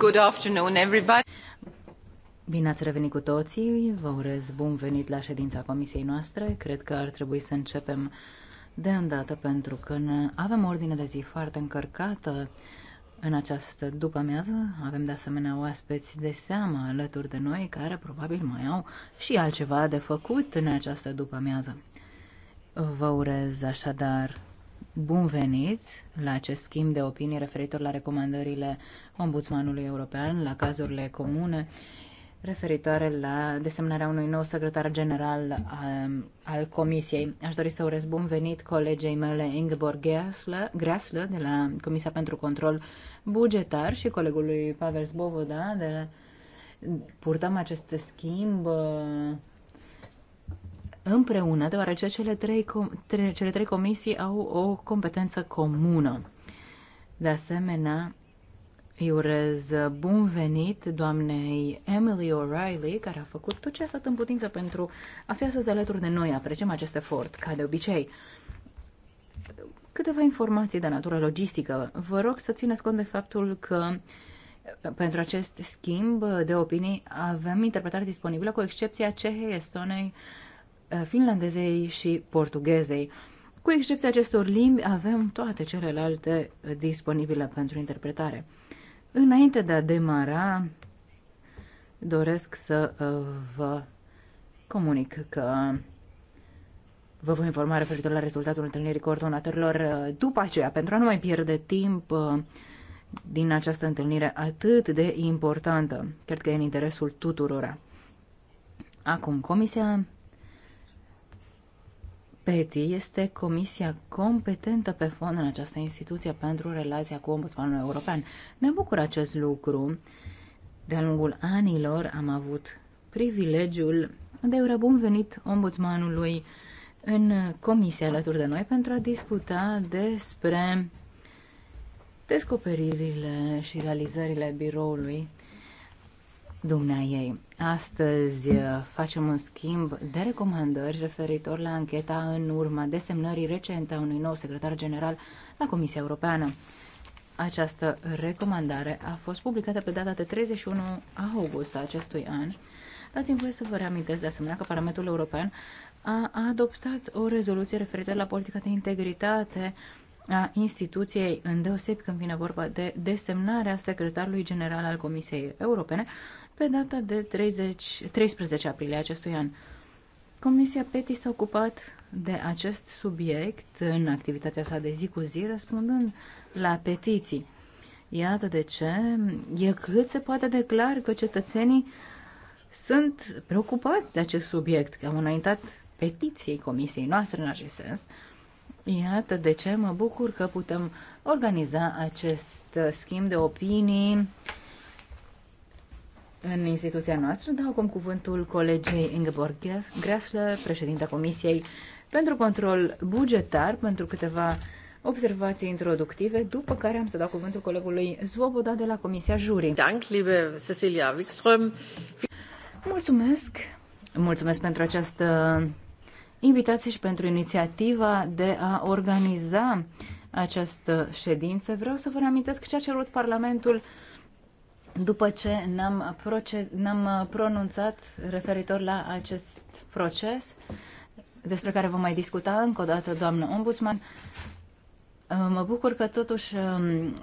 Good afternoon, everybody. Bine ați revenit cu toții, vă urez bun venit la ședința comisiei noastre. Cred că ar trebui să începem de îndată pentru că avem ordine de zi foarte încărcată în această după-amiază. Avem de asemenea oaspeți de seamă alături de noi care probabil mai au și altceva de făcut în această după-amiază. Vă urez așadar bun venit la acest schimb de opinii referitor la recomandările Ombudsmanului European, la cazurile comune, referitoare la desemnarea unui nou secretar general al, um, al Comisiei. Aș dori să urez bun venit colegei mele Ingeborg Greaslă de la Comisia pentru Control Bugetar și colegului Pavel Zbovoda de la... Purtăm acest schimb uh, împreună, deoarece cele trei, com- tre- cele trei comisii au o competență comună. De asemenea, îi urez bun venit doamnei Emily O'Reilly, care a făcut tot ce a stat în putință pentru a fi astăzi alături de noi. Apreciem acest efort, ca de obicei. Câteva informații de natură logistică. Vă rog să țineți cont de faptul că pentru acest schimb de opinii avem interpretare disponibilă, cu excepția Cehei, Estonei, uh, Eh, finlandezei și portughezei. Cu excepția acestor limbi, avem toate celelalte eh, disponibile pentru interpretare. Înainte de a demara, doresc să eh, vă comunic că vă voi informa referitor la rezultatul întâlnirii coordonatorilor după aceea, pentru a nu mai pierde timp din această întâlnire atât de importantă. Cred că e în interesul tuturora. Acum, Comisia PETI este comisia competentă pe fond în această instituție pentru relația cu Ombudsmanul European. Ne bucur acest lucru. De-a lungul anilor am avut privilegiul de ura bun venit ombudsmanului în comisie alături de noi pentru a discuta despre descoperirile și realizările biroului dumnea ei. Astăzi uh, facem un schimb de recomandări referitor la ancheta în urma desemnării recente a unui nou secretar general la Comisia Europeană. Această recomandare a fost publicată pe data de 31 august a acestui an. Dați-mi voie să vă reamintesc de asemenea că Parlamentul European a adoptat o rezoluție referitoare la politica de integritate a instituției, îndeosebi când vine vorba de desemnarea secretarului general al Comisiei Europene, pe data de 30, 13 aprilie acestui an. Comisia PETI s-a ocupat de acest subiect în activitatea sa de zi cu zi, răspundând la petiții. Iată de ce e cât se poate de clar că cetățenii sunt preocupați de acest subiect, că am înaintat petiției comisiei noastre în acest sens. Iată de ce mă bucur că putem organiza acest schimb de opinii în instituția noastră. Dau acum cuvântul colegei Ingeborg Grasle, președinta Comisiei pentru Control Bugetar, pentru câteva observații introductive, după care am să dau cuvântul colegului Zvoboda de la Comisia Juri. Dank, liebe Cecilia Wikström. Mulțumesc! Mulțumesc pentru această invitație și pentru inițiativa de a organiza această ședință. Vreau să vă reamintesc ce a cerut Parlamentul după ce ne-am, ne-am uh, pronunțat referitor la acest proces, despre care vom mai discuta încă o dată, doamnă ombudsman, uh, mă bucur că totuși um,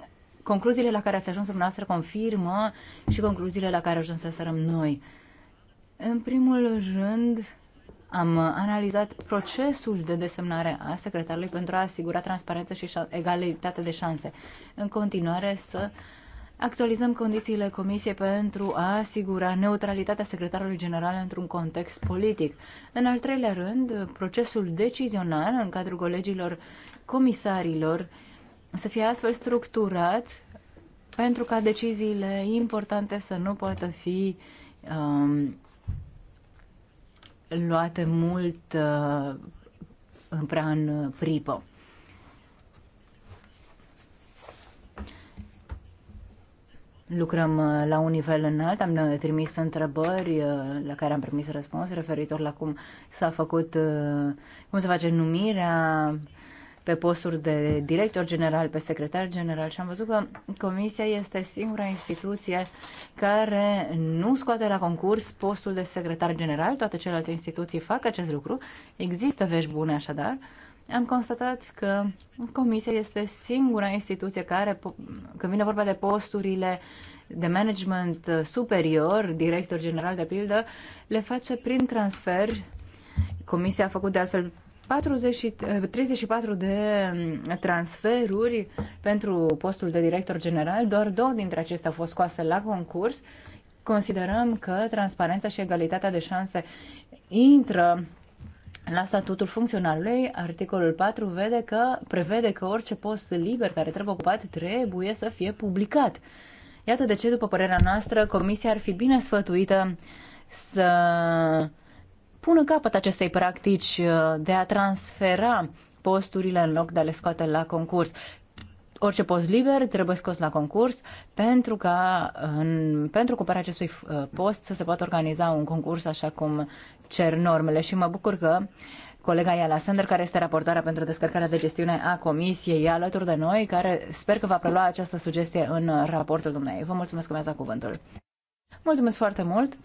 concluziile la care ați ajuns dumneavoastră confirmă și concluziile la care să sărăm noi. În primul rând, am analizat procesul de desemnare a secretarului pentru a asigura transparență și egalitate de șanse. În continuare, să actualizăm condițiile Comisiei pentru a asigura neutralitatea secretarului general într-un context politic. În al treilea rând, procesul decizional în cadrul colegilor comisarilor să fie astfel structurat pentru ca deciziile importante să nu poată fi um, luate mult uh, prea în pripă. lucrăm uh, la un nivel înalt, am uh, trimis întrebări uh, la care am primit răspuns referitor la cum s-a făcut, cum se face numirea pe posturi de director general, pe secretar general și am văzut că comisia este singura instituție care nu scoate la concurs postul de secretar general, toate celelalte instituții fac acest lucru, există vești bune așadar, uh, am constatat că Comisia este singura instituție care, când vine vorba de posturile de management superior, director general de pildă, le face prin transfer. Comisia a făcut de altfel 40, 34 eh, de mm, transferuri pentru postul de director general, doar două dintre acestea au fost scoase la concurs. Considerăm că transparența și egalitatea de șanse intră la statutul funcționarului, articolul 4 vede că, prevede că orice post liber care trebuie ocupat trebuie să fie publicat. Iată de ce, după părerea noastră, comisia ar fi bine sfătuită să pună capăt acestei practici uh, de a transfera posturile în loc de a le scoate la concurs orice post liber trebuie scos la concurs pentru ca în, pentru ocuparea acestui uh, post să se poată organiza un concurs așa cum cer normele și mă bucur că colega Iala Sander, care este raportarea pentru descărcarea de gestiune a comisiei, e alături de noi, care sper că va prelua această sugestie în raportul dumneavoastră. Vă mulțumesc că mi-ați dat cuvântul. Mulțumesc foarte mult.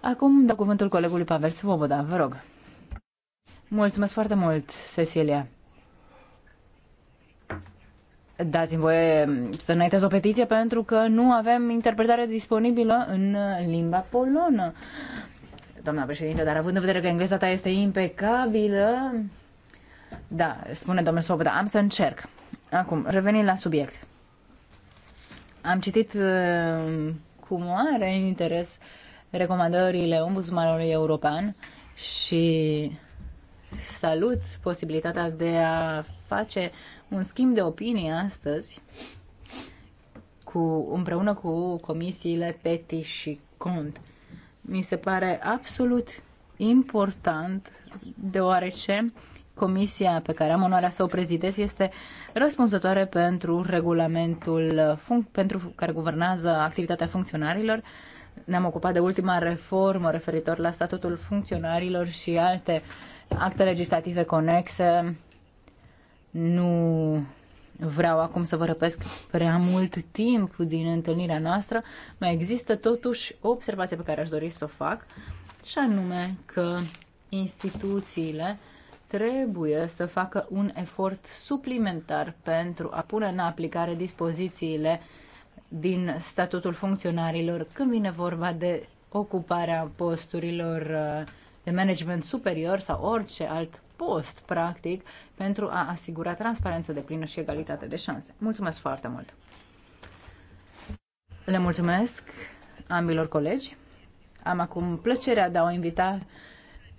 Acum dau cuvântul colegului Pavel Svoboda. Vă rog. Mulțumesc foarte mult, Cecilia dați-mi voie să înaintez o petiție pentru că nu avem interpretare disponibilă în limba polonă. Doamna președinte, dar având în vedere că engleza ta este impecabilă... Da, spune domnul Svoboda, am să încerc. Acum, revenind la subiect. Am citit uh, cu mare interes recomandările Ombudsmanului European și salut posibilitatea de a face un schimb de opinie astăzi cu, împreună cu comisiile PETI și CONT. Mi se pare absolut important deoarece comisia pe care am onoarea să o prezidez este răspunzătoare pentru regulamentul pentru care guvernează activitatea funcționarilor. Ne-am ocupat de ultima reformă referitor la statutul funcționarilor și alte acte legislative conexe nu vreau acum să vă răpesc prea mult timp din întâlnirea noastră. Mai există totuși o observație pe care aș dori să o fac și anume că instituțiile trebuie să facă un efort suplimentar pentru a pune în aplicare dispozițiile din statutul funcționarilor când vine vorba de ocuparea posturilor uh, de management superior sau orice alt post, practic, pentru a asigura transparență de plină și egalitate de șanse. Mulțumesc foarte mult! Le mulțumesc ambilor colegi. Am acum plăcerea de a o invita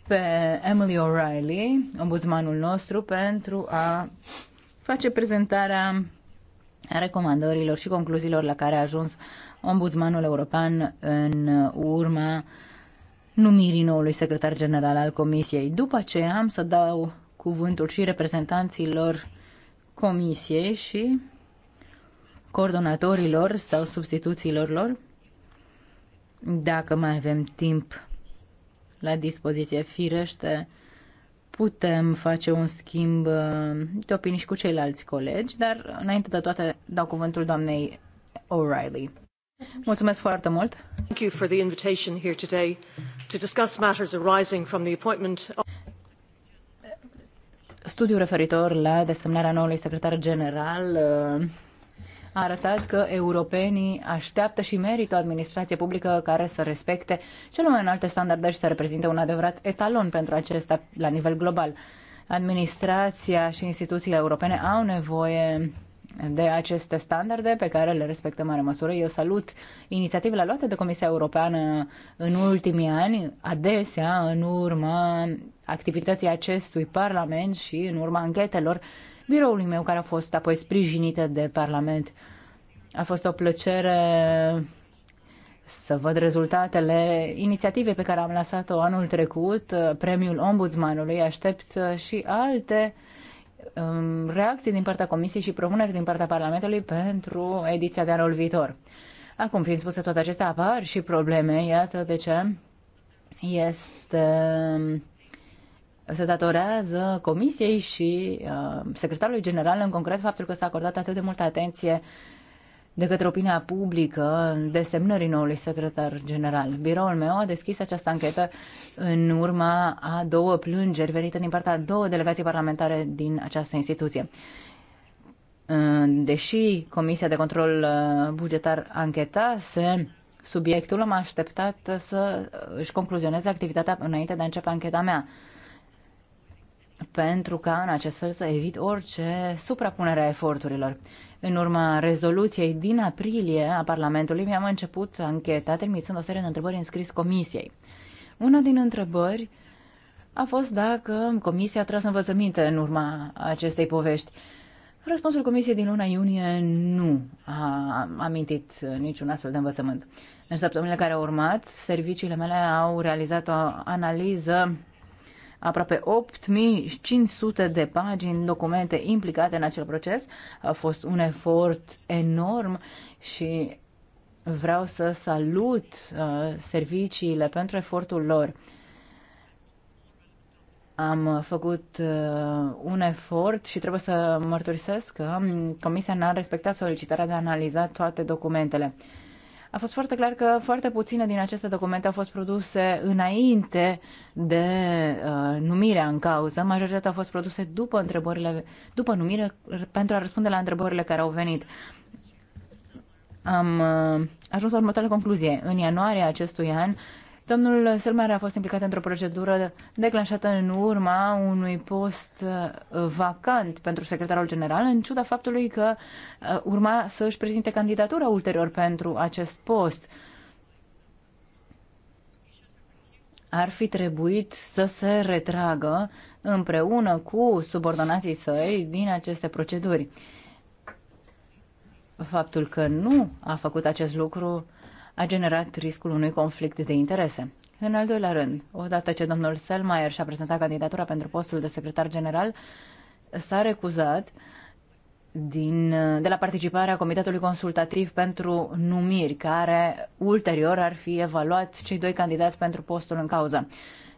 pe Emily O'Reilly, ombudsmanul nostru, pentru a face prezentarea recomandărilor și concluziilor la care a ajuns ombudsmanul european în urma numirii noului secretar general al Comisiei. După aceea am să dau cuvântul și reprezentanților Comisiei și coordonatorilor sau substituțiilor lor. Dacă mai avem timp la dispoziție, firește, putem face un schimb uh, de opinii și cu ceilalți colegi, dar înainte de toate dau cuvântul doamnei O'Reilly. Mulțumesc foarte mult. Thank you for the invitation here today to discuss matters arising from the appointment of Studiul referitor la desemnarea noului secretar general uh, a arătat că europenii așteaptă și merită o administrație publică care să respecte cele mai înalte standarde și să reprezinte un adevărat etalon pentru acesta la nivel global. Administrația și instituțiile europene au nevoie de aceste standarde pe care le respectăm mare măsură. Eu salut inițiativele luate de Comisia Europeană în ultimii ani, adesea în urma activității acestui Parlament și în urma anchetelor biroului meu care a fost apoi sprijinită de Parlament. A fost o plăcere să văd rezultatele inițiativei pe care am lansat-o anul trecut, premiul ombudsmanului. Aștept și alte uh, Um, reacții din partea Comisiei și propuneri din partea Parlamentului pentru ediția de anul viitor. Acum, fiind spuse toate acestea, apar și probleme, iată de ce este se datorează Comisiei și uh, Secretarului General în concret faptul că s-a acordat atât de multă atenție de către opinia publică desemnării noului secretar general. Biroul meu a deschis această anchetă în urma a două plângeri venite din partea a două delegații parlamentare din această instituție. Deși Comisia de Control uh, Bugetar anchetase subiectul, am așteptat să își concluzioneze activitatea înainte de a începe ancheta mea pentru ca în acest fel să evit orice suprapunere a eforturilor. În urma rezoluției din aprilie a Parlamentului, mi-am început ancheta trimițând o serie de întrebări înscris comisiei. Una din întrebări a fost dacă comisia a tras învățăminte în urma acestei povești. Răspunsul comisiei din luna iunie nu a amintit niciun astfel de învățământ. În săptămânile care au urmat, serviciile mele au realizat o analiză aproape 8500 de pagini documente implicate în acel proces. A fost un efort enorm și vreau să salut serviciile pentru efortul lor. Am făcut uh, un efort și trebuie să mărturisesc că Comisia n-a respectat solicitarea de a analiza toate documentele. Uh, a fost foarte clar că foarte puține din aceste documente au fost produse înainte de uh, numirea în cauză. Majoritatea au fost produse după întrebările, după numire, pentru a răspunde la întrebările care au venit. Am uh, ajuns la următoarea concluzie. În ianuarie acestui an, Domnul Selmer a fost implicat într-o procedură declanșată în urma unui post uh, vacant pentru secretarul general, în ciuda faptului că uh, urma să își prezinte candidatura ulterior pentru acest post. Ar fi trebuit să se retragă împreună cu subordonații săi din aceste proceduri. Faptul că nu a făcut acest lucru a generat riscul unui conflict de interese. În al doilea rând, odată ce domnul Selmayr și-a prezentat candidatura pentru postul de secretar general, s-a recuzat din, de la participarea Comitetului Consultativ pentru Numiri, care ulterior ar fi evaluat cei doi candidați pentru postul în cauză.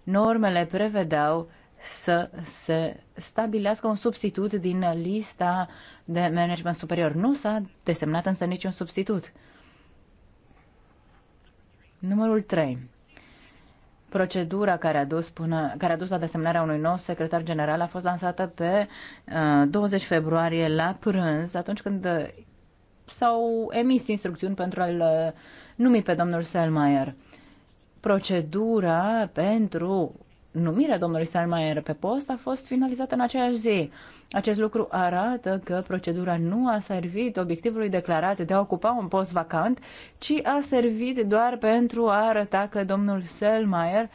Normele prevedeau să se stabilească un substitut din lista de management superior. Nu s-a desemnat însă niciun substitut. Numărul 3. Procedura care a, dus până, care a dus la desemnarea unui nou secretar general a fost lansată pe uh, 20 februarie la prânz, atunci când uh, s-au emis instrucțiuni pentru a-l uh, numi pe domnul Selmayr. Procedura pentru numirea domnului Steinmeier pe post a fost finalizată în aceeași zi. Acest lucru arată că procedura nu a servit obiectivului declarat de a ocupa un post vacant, ci a servit doar pentru a arăta că domnul Selmayr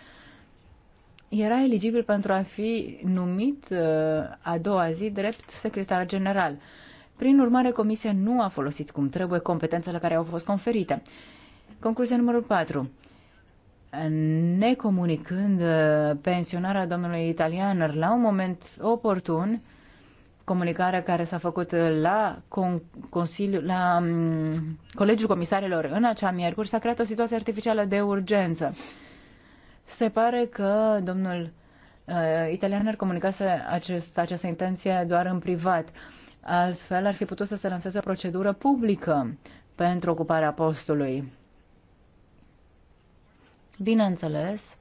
era eligibil pentru a fi numit uh, a doua zi drept secretar general. Prin urmare, comisia nu a folosit cum trebuie competențele care au fost conferite. Concluzia numărul 4 necomunicând uh, pensionarea domnului italian la un moment oportun, comunicarea care s-a făcut uh, la, con- consiliu, la um, Colegiul Comisarilor în acea miercuri, s-a creat o situație artificială de urgență. Se pare că domnul uh, italian ar comunicase acest, această intenție doar în privat. Altfel ar fi putut să se lanseze o procedură publică pentru ocuparea postului. Bineînțeles,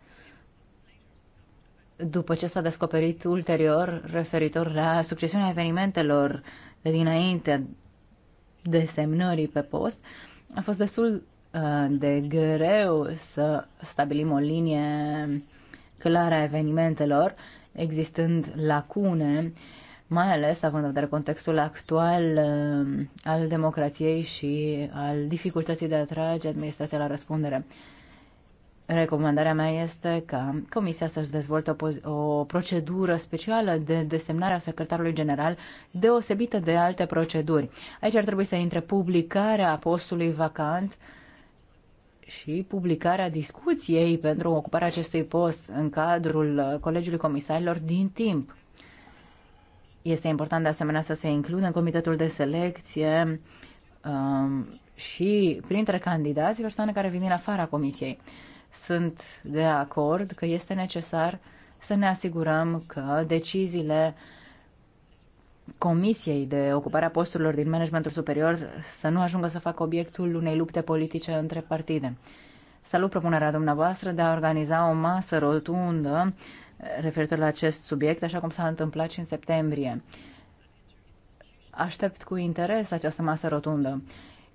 după ce s-a descoperit ulterior referitor la succesiunea evenimentelor de dinainte de semnării pe post, a fost destul uh, de greu să stabilim o linie clară a evenimentelor, existând lacune, mai ales având în vedere contextul actual uh, al democrației și al dificultății de a trage administrația la răspundere. Recomandarea mea este ca Comisia să-și dezvolte o, o procedură specială de desemnare a secretarului general deosebită de alte proceduri. Aici ar trebui să intre publicarea postului vacant și publicarea discuției pentru ocuparea acestui post în cadrul Colegiului Comisarilor din timp. Este important de asemenea să se includă în comitetul de selecție um, și printre candidați persoane care vin din afara comisiei. Sunt de acord că este necesar să ne asigurăm că deciziile Comisiei de ocupare a posturilor din managementul superior să nu ajungă să facă obiectul unei lupte politice între partide. Salut propunerea dumneavoastră de a organiza o masă rotundă referitor la acest subiect, așa cum s-a întâmplat și în septembrie. Aștept cu interes această masă rotundă.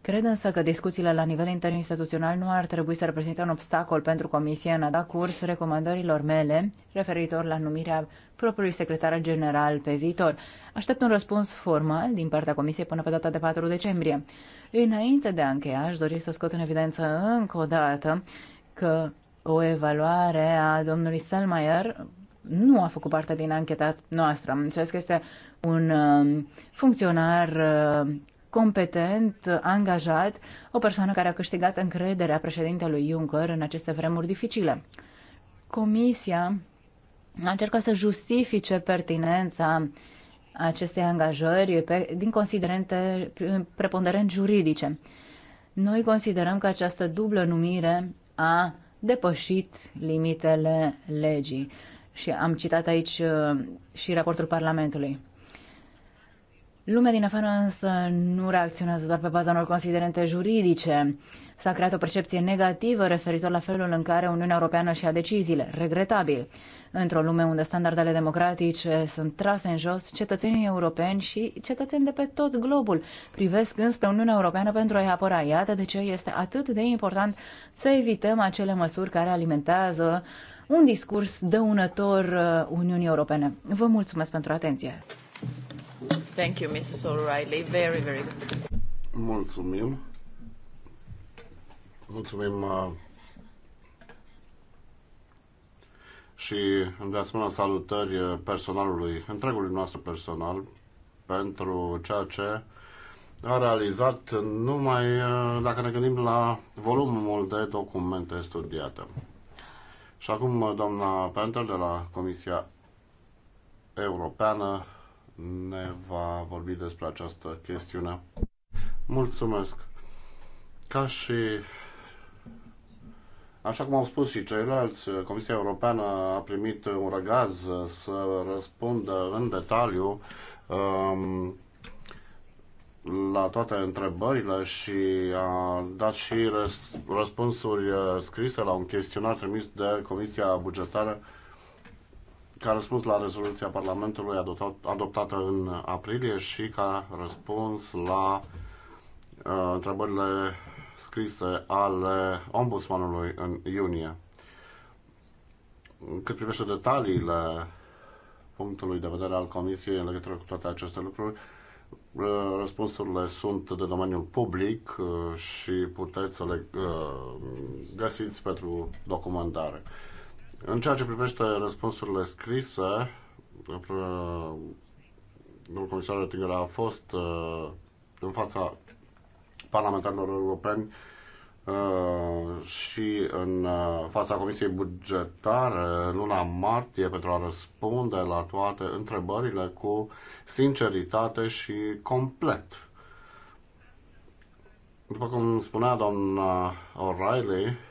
Cred însă că discuțiile la nivel interinstituțional nu ar trebui să reprezinte un obstacol pentru Comisia în a da curs recomandărilor mele referitor la numirea propriului secretar general pe viitor. Aștept un răspuns formal din partea Comisiei până pe data de 4 decembrie. Înainte de a încheia, aș dori să scot în evidență încă o dată că o evaluare a domnului Selmayer nu a făcut parte din ancheta noastră. Am înțeles că este un um, funcționar uh, competent, angajat, o persoană care a câștigat încrederea președintelui Juncker în aceste vremuri dificile. Comisia a încercat să justifice pertinența acestei angajări pe, din considerente preponderent juridice. Noi considerăm că această dublă numire a depășit limitele legii și am citat aici uh, și raportul Parlamentului. Lumea din afară însă nu reacționează doar pe baza unor considerente juridice. S-a creat o percepție negativă referitor la felul în care Uniunea Europeană și-a deciziile. Regretabil. Într-o lume unde standardele democratice sunt trase în jos, cetățenii europeni și cetățeni de pe tot globul privesc înspre Uniunea Europeană pentru a-i apăra. Iată de ce este atât de important să evităm acele măsuri care alimentează un discurs dăunător uh, Uniunii Europene. Vă mulțumesc pentru atenție! Thank you, Mrs. O'Reilly. Very, very good. Mulțumim. Mulțumim uh, și îmi dați salutări uh, personalului, întregului nostru personal, pentru ceea ce a realizat numai uh, dacă ne gândim la volumul de documente studiate. Și acum doamna Penter de la Comisia Europeană ne va vorbi despre această chestiune. Mulțumesc! Ca și Așa cum au spus și ceilalți, Comisia Europeană a primit un răgaz să răspundă în detaliu um, la toate întrebările și a dat și răs- răspunsuri scrise la un chestionar trimis de Comisia Bugetară uh, ca răspuns la rezoluția Parlamentului adoptat, adoptată în aprilie și ca răspuns la uh, întrebările scrise ale ombudsmanului în iunie. Cât privește detaliile punctului de vedere al Comisiei în legătură cu toate aceste lucruri, uh, răspunsurile sunt de domeniul public uh, și puteți să le uh, găsiți pentru documentare. În ceea ce privește răspunsurile scrise, domnul comisar Oettinger a fost uh, în fața parlamentarilor europeni uh, și în uh, fața Comisiei Bugetare luna martie pentru a răspunde la toate întrebările cu sinceritate și complet. După cum spunea doamna O'Reilly,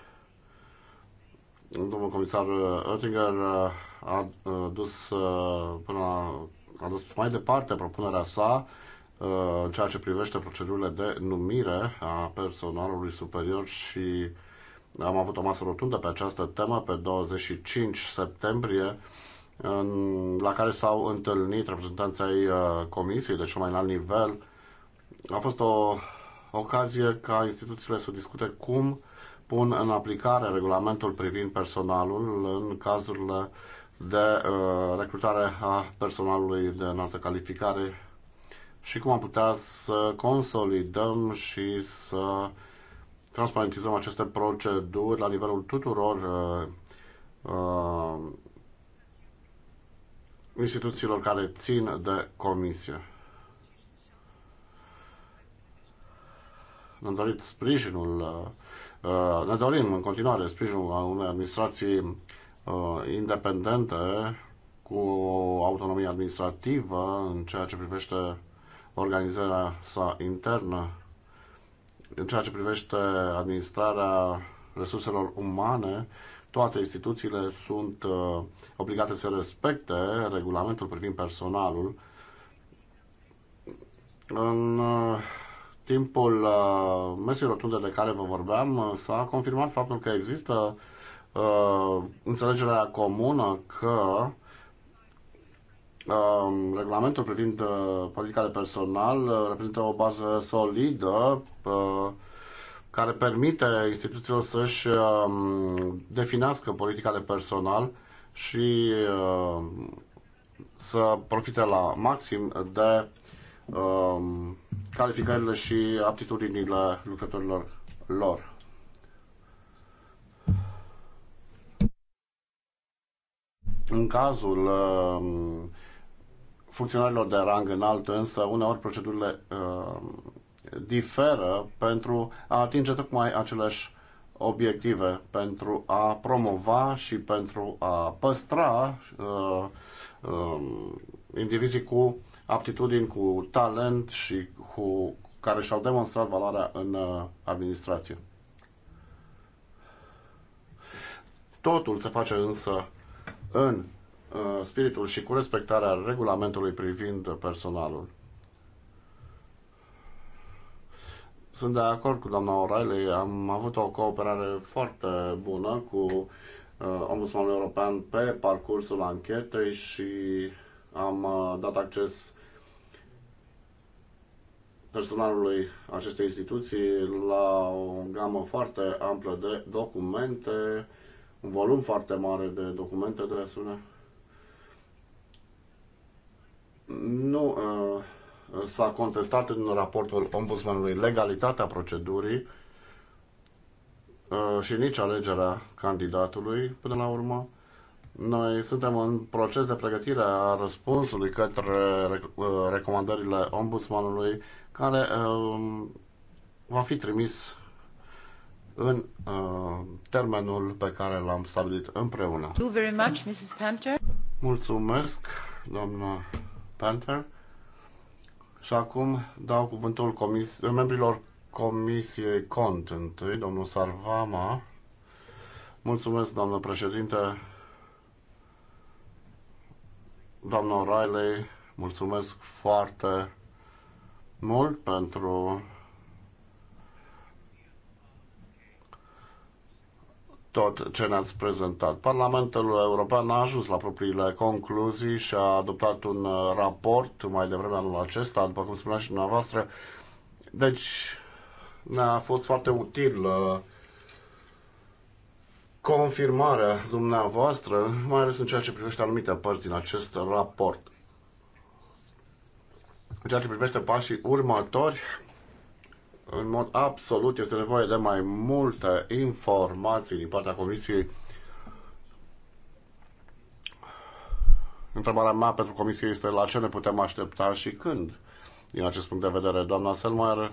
Domnul comisar Oettinger a dus, uh, până la, a dus mai departe propunerea sa uh, în ceea ce privește procedurile de numire a personalului superior și am avut o masă rotundă pe această temă pe 25 septembrie în, la care s-au întâlnit reprezentanții ai uh, comisiei de cel mai înalt nivel. A fost o ocazie ca instituțiile să discute cum pun în aplicare regulamentul privind personalul în cazurile de uh, recrutare a personalului de înaltă calificare și cum am putea să consolidăm și să transparentizăm aceste proceduri la nivelul tuturor uh, uh, instituțiilor care țin de comisie. Ne-am dorit sprijinul uh, Uh, ne dorim în continuare sprijinul a unei administrații uh, independente cu o autonomie administrativă în ceea ce privește organizarea sa internă, în ceea ce privește administrarea resurselor umane, toate instituțiile sunt uh, obligate să respecte regulamentul privind personalul. În uh, timpul uh, mesei rotunde de care vă vorbeam uh, s-a confirmat faptul că există uh, înțelegerea comună că uh, regulamentul privind uh, politica de personal uh, reprezintă o bază solidă uh, care permite instituțiilor să-și uh, definească politica de personal și uh, să profite la maxim de um, calificările și aptitudinile lucrătorilor lor. În cazul um, funcționarilor de rang înalt, însă, uneori procedurile um, diferă pentru a atinge tocmai aceleași obiective, pentru a promova și pentru a păstra uh, uh, indivizii cu aptitudini, cu talent și cu care și-au demonstrat valoarea în uh, administrație. Totul se face însă în uh, spiritul și cu respectarea regulamentului privind personalul. Sunt de acord cu doamna O'Reilly, am avut o cooperare foarte bună cu uh, Ombudsmanul European pe parcursul anchetei și am uh, dat acces personalului acestei instituții la o gamă foarte amplă de documente, un volum foarte mare de documente de asemenea. Nu uh, s-a contestat în raportul ombudsmanului legalitatea procedurii uh, și nici alegerea candidatului până la urmă. Noi suntem în proces de pregătire a răspunsului către uh, recomandările ombudsmanului, care um, va fi trimis în uh, termenul pe care l-am stabilit împreună. Thank you very much, Mrs. Panther. Mulțumesc, doamna Panther. Și acum dau cuvântul comis membrilor Comisiei Cont întâi, domnul Sarvama. Mulțumesc, doamnă președinte. Doamna Riley, mulțumesc foarte mult pentru tot ce ne-ați prezentat. Parlamentul European a ajuns la propriile concluzii și a adoptat un raport mai devreme anul acesta, după cum spunea și dumneavoastră. Deci, ne-a fost foarte util uh, confirmarea dumneavoastră, mai ales în ceea ce privește anumite părți din acest raport. În ceea ce privește pașii următori, în mod absolut este nevoie de mai multe informații din partea Comisiei. Întrebarea mea pentru Comisie este la ce ne putem aștepta și când, din acest punct de vedere. Doamna Selmayr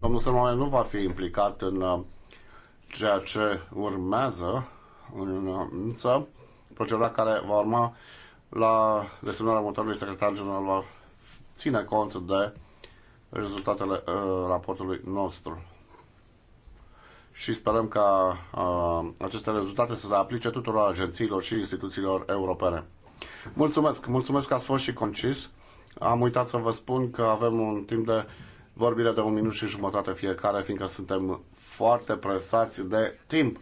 Domnul Sărmane nu va fi implicat în uh, ceea ce urmează, uh, însă procedura care va urma la desemnarea următorului secretar general va ține cont de rezultatele uh, raportului nostru. Și sperăm ca uh, aceste rezultate să se aplice tuturor agențiilor și instituțiilor europene. Mulțumesc! Mulțumesc că ați fost și concis. Am uitat să vă spun că avem un timp de vorbire de un minut și jumătate fiecare, fiindcă suntem foarte presați de timp.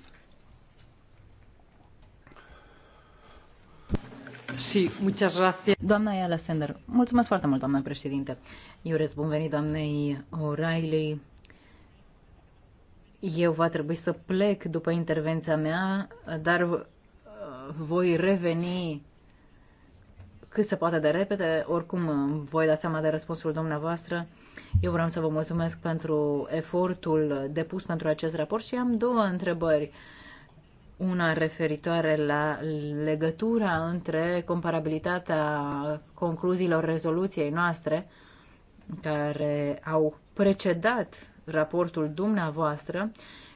Sí, muchas gracias. Doamna Ayala Sender, mulțumesc foarte mult, doamna președinte. Eu urez bun venit doamnei O'Reilly. Eu va trebui să plec după intervenția mea, dar uh, voi reveni cât se poate de repede. Oricum, voi da seama de răspunsul dumneavoastră. Eu vreau să vă mulțumesc pentru efortul depus pentru acest raport și am două întrebări. Una referitoare la legătura între comparabilitatea concluziilor rezoluției noastre, care au precedat raportul dumneavoastră,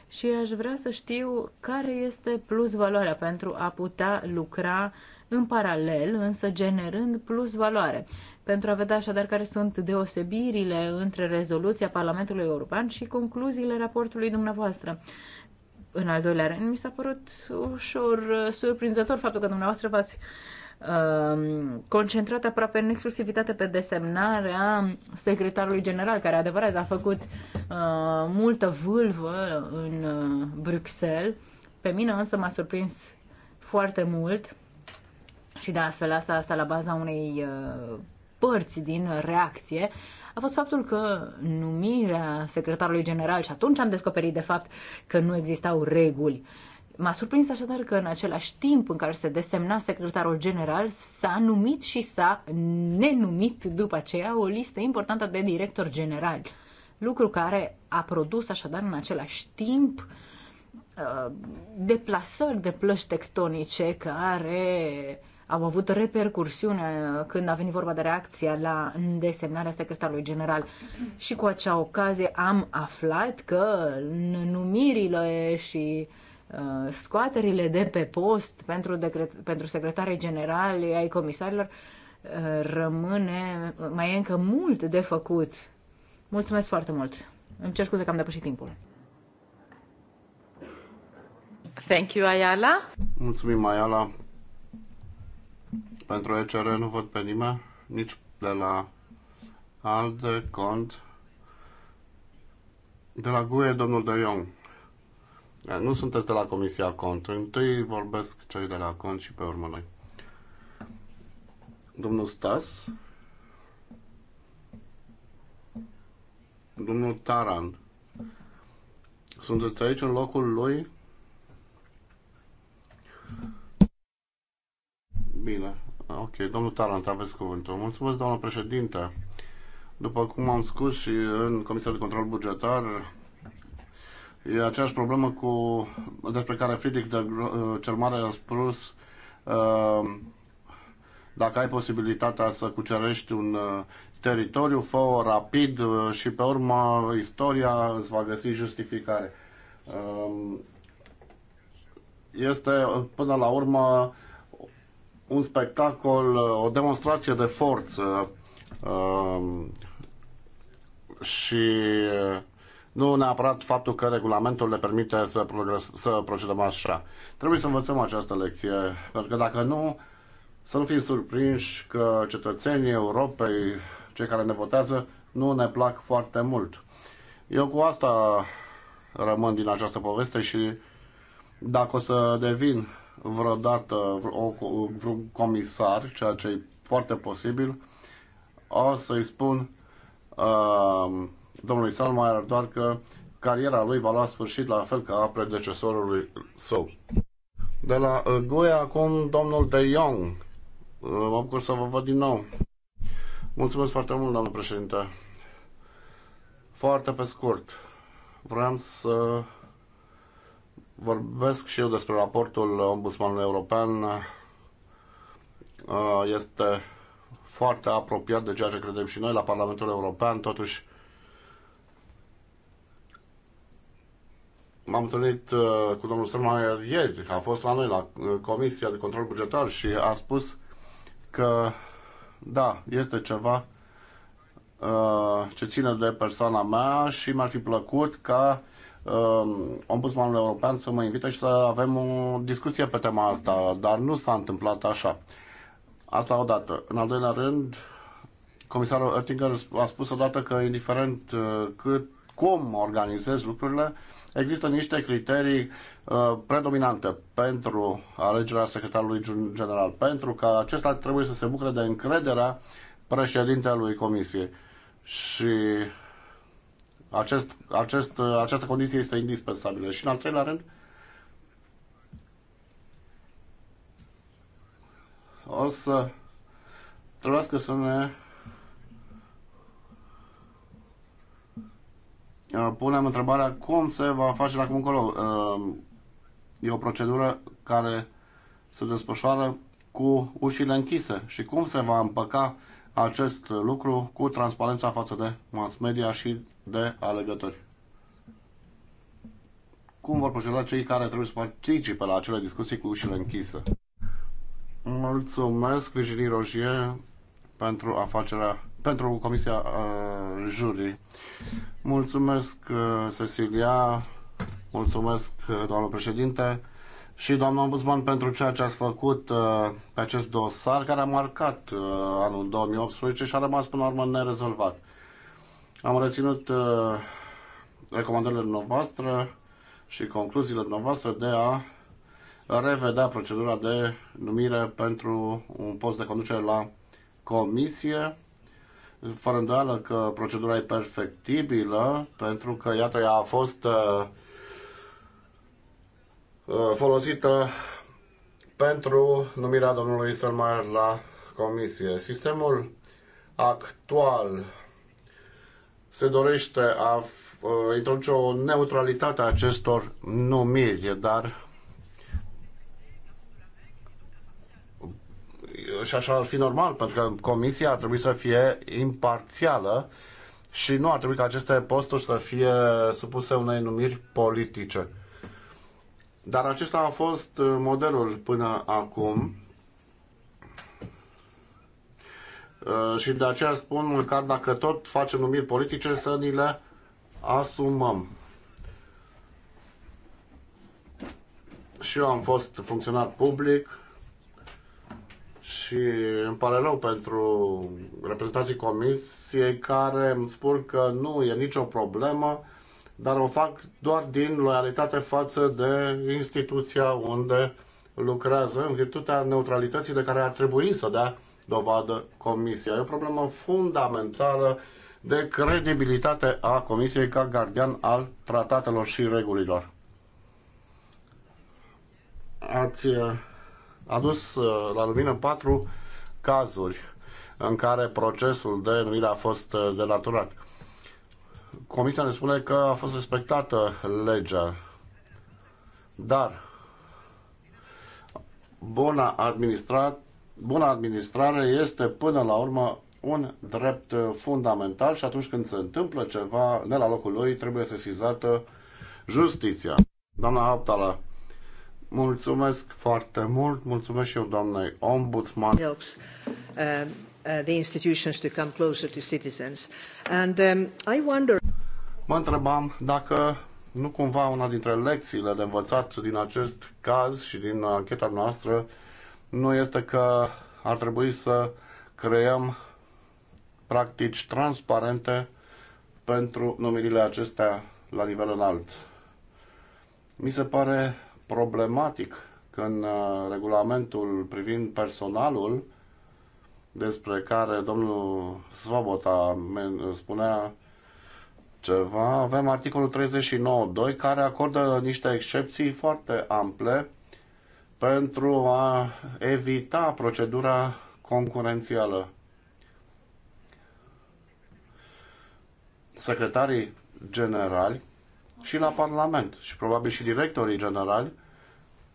și aș vrea să știu care este plus valoarea pentru a putea lucra în paralel, însă generând plus valoare. Pentru a vedea așadar care sunt deosebirile între rezoluția Parlamentului European și concluziile raportului dumneavoastră. În al doilea rând, mi s-a părut ușor uh, surprinzător faptul că dumneavoastră v-ați um, concentrat aproape în exclusivitate pe desemnarea secretarului general, care adevărat a făcut uh, multă vâlvă în uh, Bruxelles. Pe mine însă m-a surprins foarte mult și de astfel asta, asta la baza unei uh, părți din reacție, a fost faptul că numirea secretarului general și atunci am descoperit de fapt că nu existau reguli. M-a surprins așadar că în același timp în care se desemna secretarul general s-a numit și s-a nenumit după aceea o listă importantă de director general, lucru care a produs așadar în același timp uh, deplasări de plăși tectonice care au avut repercursiune uh, când a venit vorba de reacția la desemnarea secretarului general. Și cu acea ocazie am aflat că numirile și uh, scoaterile de pe post pentru, decret, pentru secretarii generali ai comisarilor uh, rămâne, mai e încă mult de făcut. Mulțumesc foarte mult! Îmi cer scuze că am depășit timpul. Thank you, Ayala. Mulțumim, Ayala. Pentru ECR nu văd pe nimeni, nici de la ALDE, CONT, de la GUE, domnul De Jong. Nu sunteți de la Comisia CONT. Întâi vorbesc cei de la CONT și pe urmă noi. Domnul Stas, domnul Taran, sunteți aici în locul lui? Bine, Ok, domnul Tarant, aveți cuvântul. Mulțumesc, doamnă președinte. După cum am scos și în Comisia de Control Bugetar, e aceeași problemă cu despre care Friedrich de, uh, cel Mare a spus uh, dacă ai posibilitatea să cucerești un uh, teritoriu, fă rapid uh, și pe urmă istoria îți va găsi justificare. Um, este până la urmă un spectacol, o demonstrație de forță um, și uh, nu neapărat faptul că regulamentul le permite să, progres, să procedăm așa. Trebuie să învățăm această lecție, pentru că dacă nu, să nu fim surprinși că cetățenii Europei, cei care ne votează, nu ne plac foarte mult. Eu cu asta rămân din această poveste și dacă o să devin vreodată o, vreun comisar, ceea ce e foarte posibil, o să-i spun uh, domnului Salmaier doar că cariera lui va lua sfârșit la fel ca a predecesorului său. De la uh, Goia acum domnul De Jong. Uh, mă bucur să vă văd din nou. Mulțumesc foarte mult, doamnă președinte. Foarte pe scurt. Vreau să Vorbesc și eu despre raportul Ombudsmanului European. Uh, este foarte apropiat de ceea ce credem și noi la Parlamentul European, totuși m-am întâlnit uh, cu domnul Sărmaier ieri, a fost la noi la uh, Comisia de Control Bugetar și a spus că da, este ceva ce ține de persoana mea și mi-ar fi plăcut ca uh, Um, ombudsmanul european să mă invite și să avem o discuție pe tema asta, dar nu s-a întâmplat așa. Asta odată. În al doilea rând, comisarul Oettinger a spus odată că, indiferent uh, cât, cum organizezi lucrurile, există niște criterii uh, predominante pentru alegerea secretarului general, pentru că acesta trebuie să se bucure de încrederea președintelui comisiei. Și acest, acest, această condiție este indispensabilă. Și în al treilea rând, o să trebuiască să ne uh, punem întrebarea cum se va face la încolo. Uh, e o procedură care se desfășoară cu ușile închise și cum se va împăca acest lucru cu transparența față de mass media și de alegători. Cum vor proceda cei care trebuie să participe la acele discuții cu ușile închise? Mulțumesc, Virginie roșie pentru afacerea, pentru Comisia uh, Jurii. Mulțumesc, uh, Cecilia, mulțumesc, uh, doamnă președinte și doamna ombudsman pentru ceea ce ați făcut uh, pe acest dosar care a marcat uh, anul 2018 și a rămas până la urmă nerezolvat. Am reținut uh, recomandările noastre și concluziile noastre de a revedea procedura de numire pentru un post de conducere la comisie. Fără îndoială că procedura e perfectibilă, pentru că, iată, ea a fost uh, Uh, folosită pentru numirea domnului Sălmaier la comisie. Sistemul actual se dorește a uh, introduce o neutralitate a acestor numiri, dar și așa ar fi normal, pentru că comisia ar trebui să fie imparțială și nu ar trebui ca aceste posturi să fie supuse unei numiri politice. Dar acesta a fost uh, modelul până acum. Uh, și de aceea spun măcar dacă tot facem numiri politice să ni le asumăm. Și eu am fost funcționar public și îmi pare rău pentru reprezentanții comisiei care îmi spun că nu e nicio problemă dar o fac doar din loialitate față de instituția unde lucrează, în virtutea neutralității de care ar trebui să dea dovadă Comisia. E o problemă fundamentală de credibilitate a Comisiei ca gardian al tratatelor și regulilor. Ați uh, adus uh, la lumină patru cazuri în care procesul de numire a fost uh, denaturat. Comisia ne spune că a fost respectată legea, dar buna, administra- buna administrare este până la urmă un drept fundamental și atunci când se întâmplă ceva ne la locul lui trebuie sesizată justiția. Doamna Hauptala, mulțumesc foarte mult, mulțumesc și eu doamnei ombudsman. Helps. Um... Uh, the institutions to come closer to citizens. And um, I wonder Mă întrebam dacă nu cumva una dintre lecțiile de învățat din acest caz și din ancheta noastră nu este că ar trebui să creăm practici transparente pentru numirile acestea la nivel înalt. Mi se pare problematic că în uh, regulamentul privind personalul despre care domnul Svoboda spunea ceva, avem articolul 39.2 care acordă niște excepții foarte ample pentru a evita procedura concurențială. Secretarii generali și la Parlament și probabil și directorii generali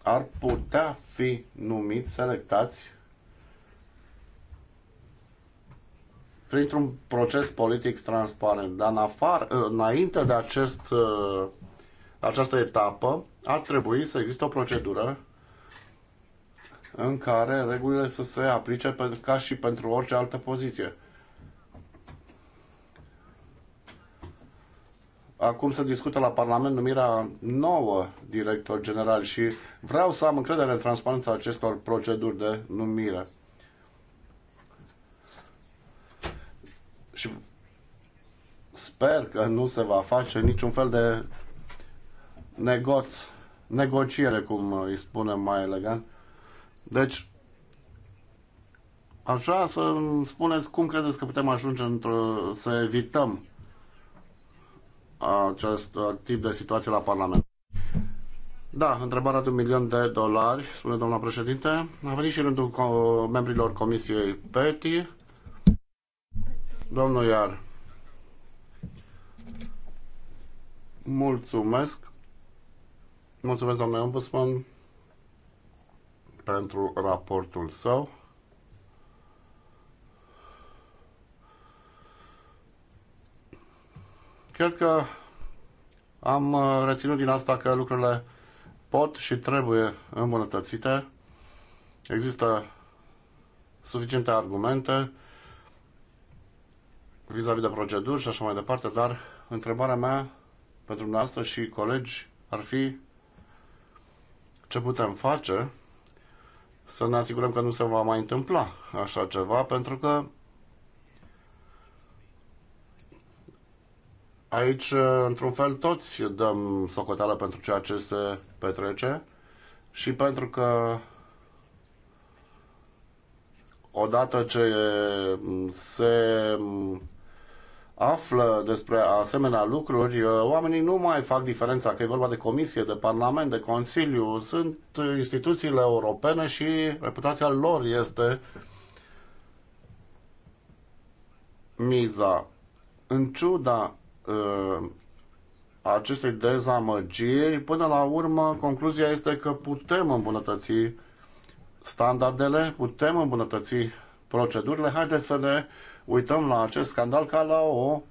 ar putea fi numiți, selectați printr-un proces politic transparent. Dar în afar, ă, înainte de acest, ă, această etapă, ar trebui să existe o procedură în care regulile să se aplice ca și pentru orice altă poziție. Acum se discută la Parlament numirea nouă director general și vreau să am încredere în transparența acestor proceduri de numire. sper că nu se va face niciun fel de negoț, negociere, cum îi spunem mai elegant. Deci, așa să spuneți cum credeți că putem ajunge într-o, să evităm acest tip de situație la Parlament. Da, întrebarea de un milion de dolari, spune doamna președinte. A venit și rândul membrilor Comisiei PETI. Domnul Iar, Mulțumesc. Mulțumesc, domnule ombudsman, pentru raportul său. Cred că am uh, reținut din asta că lucrurile pot și trebuie îmbunătățite. Există suficiente argumente vis-a-vis -vis de proceduri și așa mai departe, dar întrebarea mea pentru noastră și colegi ar fi ce putem face să ne asigurăm că nu se va mai întâmpla așa ceva, pentru că aici, într-un fel, toți dăm socoteală pentru ceea ce se petrece și pentru că odată ce se află despre asemenea lucruri, uh, oamenii nu mai fac diferența, că e vorba de comisie, de parlament, de consiliu, sunt instituțiile europene și reputația lor este miza. În ciuda uh, acestei dezamăgiri, până la urmă, concluzia este că putem îmbunătăți standardele, putem îmbunătăți procedurile, haideți să ne uităm la acest scandal ca la o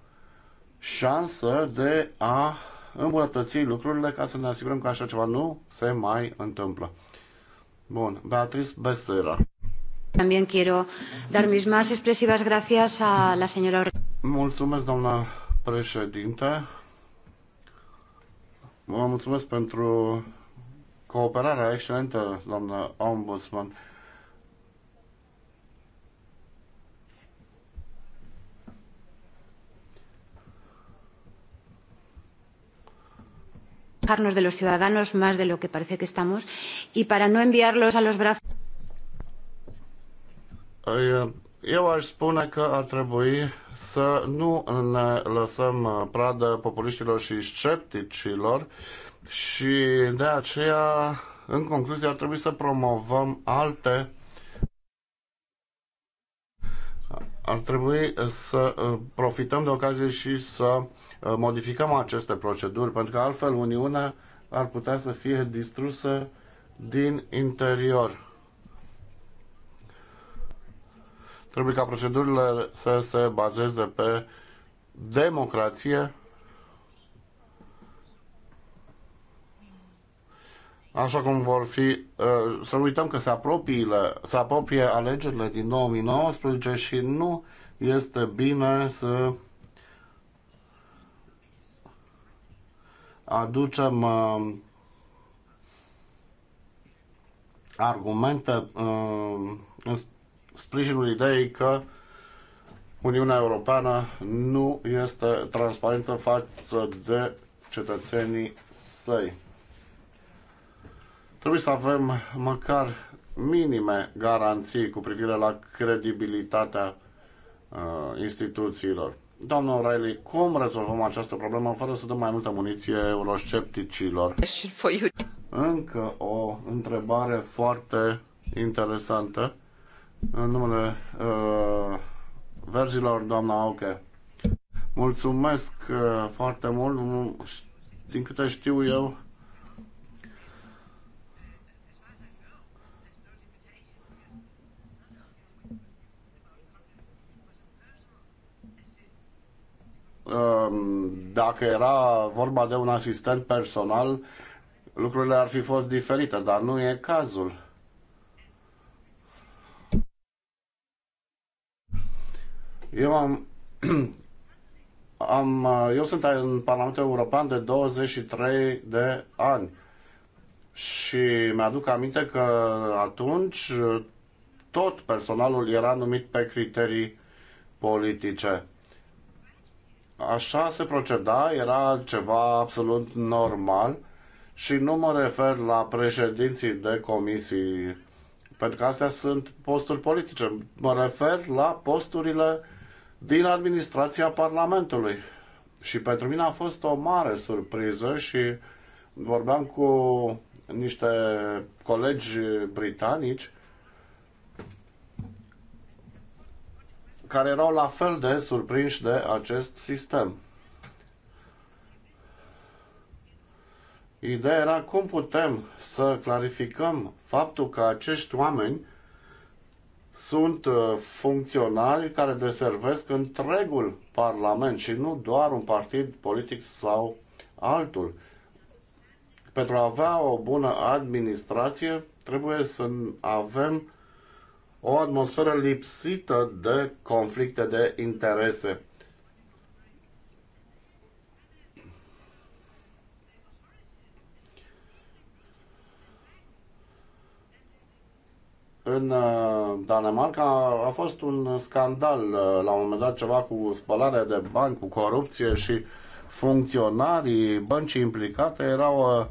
șansă de a îmbunătăți lucrurile ca să ne asigurăm că așa ceva nu se mai întâmplă. Bun, Beatriz Becerra. También quiero dar mis más expresivas gracias a la señora Mulțumesc, doamna președinte. Vă mulțumesc pentru cooperarea excelentă, doamnă ombudsman. de los ciudadanos más de lo que parece que estamos y para no enviarlos a los brazos. Eu aș spune că ar trebui să nu ne lăsăm pradă populiștilor și scepticilor și de aceea, în concluzie, ar trebui să promovăm alte ar trebui uh, să uh, profităm de ocazie și să uh, modificăm aceste proceduri, pentru că altfel Uniunea ar putea să fie distrusă din interior. Trebuie ca procedurile să se bazeze pe democrație așa cum vor fi, uh, să nu uităm că se, apropiile, se apropie alegerile din 2019 și nu este bine să aducem uh, argumente uh, în sprijinul ideii că Uniunea Europeană nu este transparentă față de cetățenii săi. Trebuie să avem măcar minime garanții cu privire la credibilitatea uh, instituțiilor. Doamna O'Reilly, cum rezolvăm această problemă fără să dăm mai multă muniție euroscepticilor? Încă o întrebare foarte interesantă în numele uh, verzilor, doamna Auke, Mulțumesc uh, foarte mult. Din câte știu eu, Ehm, dacă era vorba de un asistent personal, lucrurile ar fi fost diferite, dar nu e cazul. Eu am, am eu sunt în Parlamentul European de 23 de ani și mi-aduc aminte că atunci tot personalul era numit pe criterii politice. Așa se proceda, era ceva absolut normal și nu mă refer la președinții de comisii, pentru că astea sunt posturi politice. Mă refer la posturile din administrația Parlamentului. Și pentru mine a fost o mare surpriză și vorbeam cu niște colegi britanici care erau la fel de surprinși de acest sistem. Ideea era cum putem să clarificăm faptul că acești oameni sunt uh, funcționali care deservesc întregul Parlament și nu doar un partid politic sau altul. Pentru a avea o bună administrație, trebuie să avem o atmosferă lipsită de conflicte de interese. În uh, Danemarca a fost un scandal uh, la un moment dat ceva cu spălare de bani, cu corupție și funcționarii băncii implicate erau uh,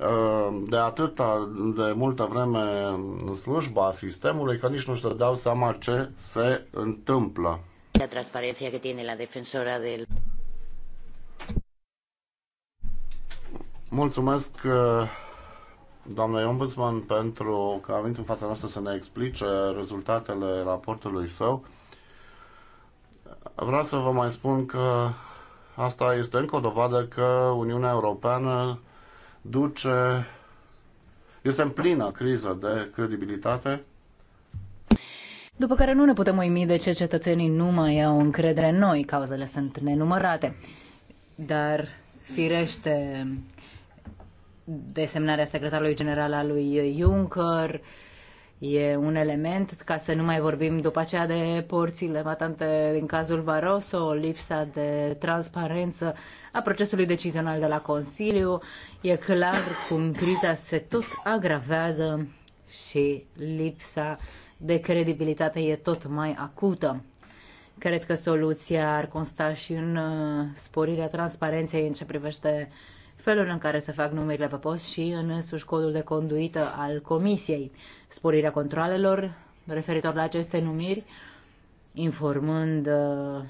Ehm, de atâta de multă vreme în slujba sistemului că nici nu-și dau seama ce se întâmplă. La transparenția care tine la defensora del... Mulțumesc eh, doamnei ombudsman pentru că a venit în fața noastră să ne explice rezultatele raportului său. Vreau să vă mai spun că asta este încă o dovadă că Uniunea Europeană duce, este în plină criză de credibilitate. După care nu ne putem uimi de ce cetățenii nu mai au încredere în noi, cauzele sunt nenumărate. Dar, firește, desemnarea secretarului general al lui Juncker, uh, E un element, ca să nu mai vorbim după aceea de porțile matante din cazul Barroso, lipsa de transparență a procesului decizional de la Consiliu. E clar cum criza se tot agravează și lipsa de credibilitate e tot mai acută. Cred că soluția ar consta și în uh, sporirea transparenței în ce privește uh, felul în care se fac numirile pe post și în însuși codul de conduită al comisiei, sporirea controlelor referitor la aceste numiri, informând uh,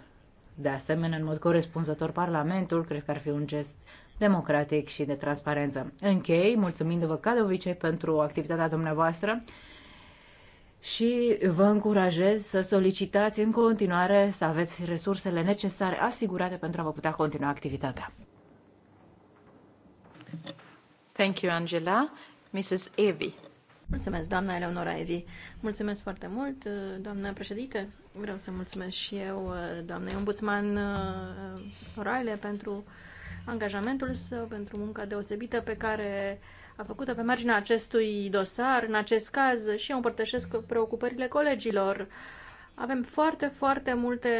de asemenea în mod corespunzător Parlamentul, cred că ar fi un gest democratic și de transparență. Închei, mulțumindu-vă ca de obicei pentru activitatea dumneavoastră și vă încurajez să solicitați în continuare să aveți resursele necesare asigurate pentru a vă putea continua activitatea. Mulțumesc, doamna Eleonora Evi. Mulțumesc foarte mult, uh, doamna președinte. Vreau să mulțumesc și eu, uh, doamnei ombudsman uh, roile pentru angajamentul său, pentru munca deosebită pe care a făcut-o pe marginea acestui dosar. În acest caz și eu împărtășesc preocupările colegilor. Avem foarte, foarte multe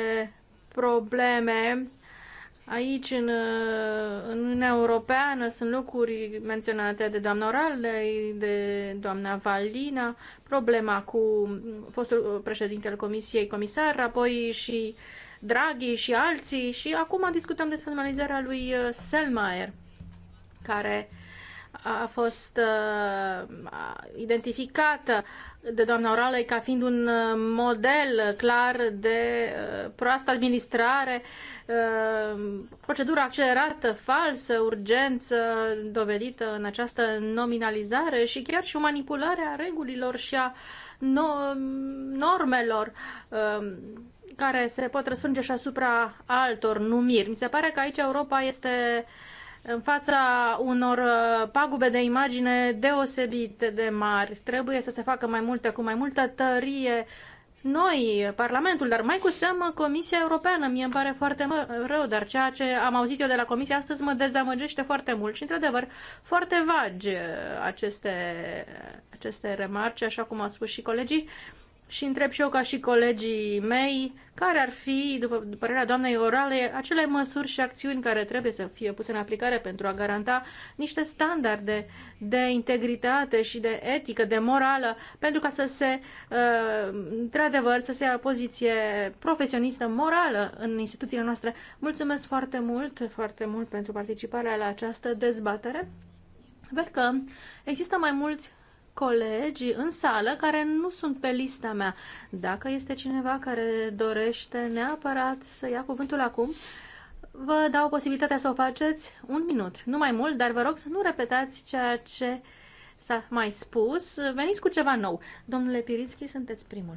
probleme Aici, în, uh, în Uniunea Europeană, sunt locuri menționate de doamna Oralei, de doamna Valina, problema cu fostul uh, președinte al Comisiei Comisar, apoi și Draghi și alții și acum discutăm despre normalizarea lui uh, Selmayr, care uh, a fost uh, identificată de doamna Oralei ca fiind un model clar de uh, proastă administrare, uh, procedură accelerată, falsă, urgență dovedită în această nominalizare și chiar și o manipulare a regulilor și a no- normelor uh, care se pot răsfrânge și asupra altor numiri. Mi se pare că aici Europa este uh, în fața unor uh, pagube de imagine deosebite de mari. Trebuie să se facă mai multe, cu mai multă tărie noi, Parlamentul, dar mai cu seamă Comisia Europeană. Mie îmi pare foarte rău, dar ceea ce am auzit eu de la Comisia astăzi mă dezamăgește foarte mult și, într-adevăr, foarte vagi uh, aceste, aceste remarci, așa cum au spus și colegii. Uh, și întreb și eu ca și colegii mei care ar fi, după, părerea doamnei orale, acele măsuri și acțiuni care trebuie să fie puse în aplicare pentru a garanta niște standarde de integritate și de etică, de morală, pentru ca să se, uh, într-adevăr, să se ia poziție profesionistă, morală în instituțiile noastre. Mulțumesc foarte mult, foarte mult pentru participarea la această dezbatere. Văd că există mai mulți colegi în sală care nu sunt pe lista mea. Dacă este cineva care dorește neapărat să ia cuvântul acum, vă dau posibilitatea să o faceți un minut, nu mai mult, dar vă rog să nu repetați ceea ce s-a mai spus. Veniți cu ceva nou. Domnule Pirinski, sunteți primul.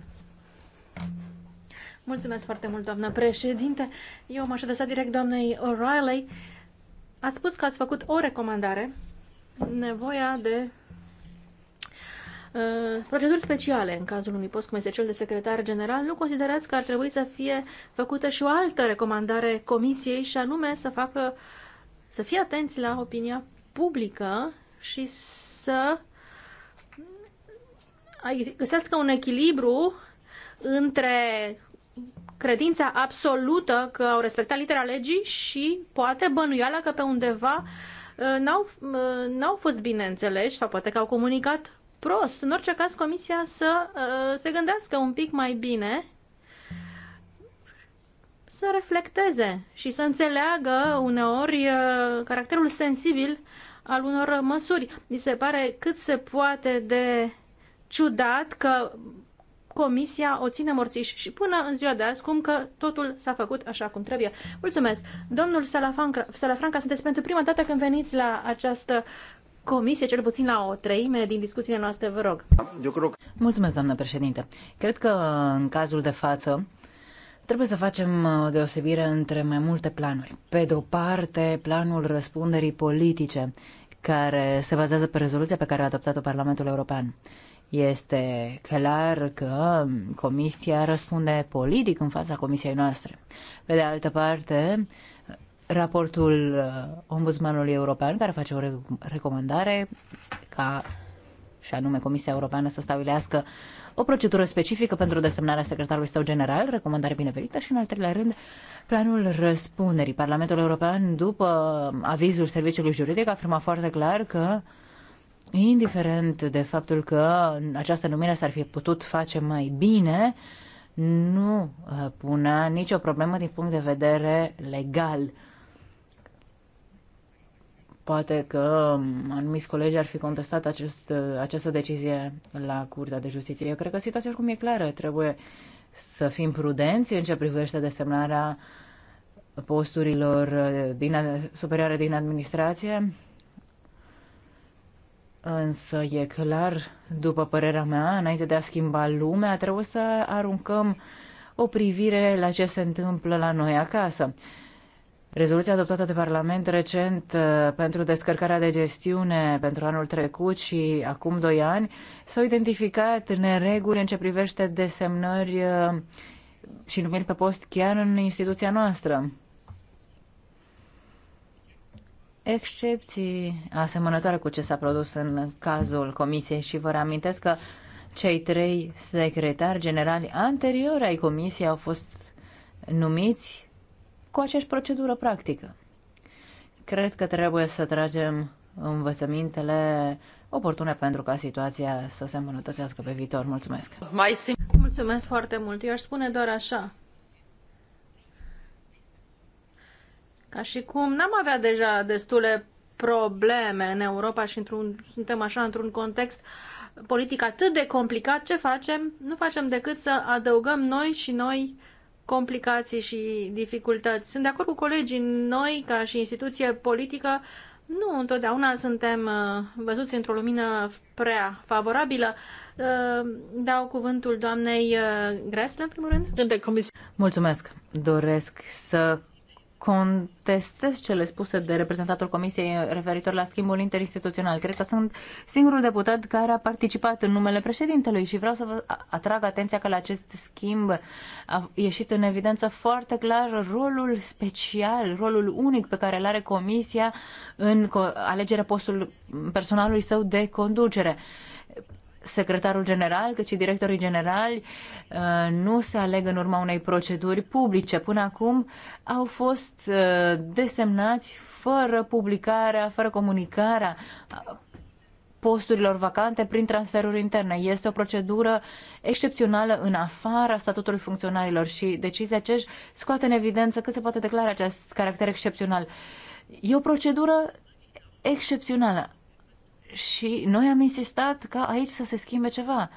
Mulțumesc foarte mult, doamnă președinte. Eu m-aș adresa direct doamnei O'Reilly. Ați spus că ați făcut o recomandare, nevoia de Uh, proceduri speciale în cazul unui post cum este cel de secretar general, nu considerați că ar trebui să fie făcută și o altă recomandare comisiei și anume să facă să fie atenți la opinia publică și să găsească un echilibru între credința absolută că au respectat litera legii și poate bănuiala că pe undeva uh, n-au, uh, au fost bine înțeleși sau poate că au comunicat prost. În orice caz, Comisia să uh, se gândească un pic mai bine, să reflecteze și să înțeleagă uneori uh, caracterul sensibil al unor măsuri. Mi se pare cât se poate de ciudat că Comisia o ține morțiș și până în ziua de azi, cum că totul s-a făcut așa cum trebuie. Mulțumesc! Domnul Salafranca, Salafranca, sunteți pentru prima dată când veniți la această comisie, cel puțin la o treime din discuțiile noastre, vă rog. Eu cred... Mulțumesc, doamnă președinte. Cred că în cazul de față trebuie să facem uh, o deosebire între mai multe planuri. Pe de o parte, planul răspunderii politice, care se bazează pe rezoluția pe care a adoptat-o Parlamentul European. Este clar că Comisia răspunde politic în fața Comisiei noastre. Pe de altă parte, raportul uh, Ombudsmanului European, care face o recomandare ca și anume Comisia Europeană să stabilească o procedură specifică pentru desemnarea secretarului său general, recomandare binevenită și, în al treilea rând, planul răspunderii. Parlamentul European, după avizul serviciului juridic, afirma foarte clar că, indiferent de faptul că această numire s-ar fi putut face mai bine, nu uh, punea nicio problemă din punct de vedere legal. Poate că anumiți colegi ar fi contestat acest, această decizie la Curtea de Justiție. Eu cred că situația oricum e clară. Trebuie să fim prudenți în ce privește desemnarea posturilor din, superioare din administrație, însă e clar, după părerea mea, înainte de a schimba lumea, trebuie să aruncăm o privire la ce se întâmplă la noi acasă. Rezoluția adoptată de Parlament recent uh, pentru descărcarea de gestiune pentru anul trecut și acum doi ani s-au identificat nereguli în ce privește desemnări uh, și numiri pe post chiar în instituția noastră. Excepții asemănătoare cu ce s-a produs în cazul Comisiei și vă reamintesc că cei trei secretari generali anteriori ai Comisiei au fost numiți cu aceeași procedură practică. Cred că trebuie să tragem învățămintele oportune pentru ca situația să se îmbunătățească pe viitor. Mulțumesc! Mai sim. Mulțumesc foarte mult! Eu aș spune doar așa. Ca și cum n-am avea deja destule probleme în Europa și într-un, suntem așa într-un context politic atât de complicat, ce facem? Nu facem decât să adăugăm noi și noi uh, complicații și dificultăți. Sunt de acord cu colegii, noi, ca și instituție politică, nu întotdeauna suntem uh, văzuți într-o lumină prea favorabilă. Uh, dau cuvântul doamnei uh, Gresle, în primul rând. Mulțumesc. Doresc să contestez cele spuse de reprezentantul Comisiei referitor la schimbul interinstituțional. Cred că sunt singurul deputat care a participat în numele președintelui și vreau să vă atrag atenția că la acest schimb a ieșit în evidență foarte clar rolul special, rolul unic pe care îl are Comisia în alegerea postului personalului său de conducere secretarul general, cât și directorii generali uh, nu se aleg în urma unei proceduri publice. Până acum au fost uh, desemnați fără publicarea, fără comunicarea posturilor vacante prin transferuri interne. Este o procedură excepțională în afara statutului funcționarilor și decizia CEJ scoate în evidență cât se poate declara acest caracter excepțional. E o procedură excepțională. Și noi am insistat ca aici să se schimbe ceva.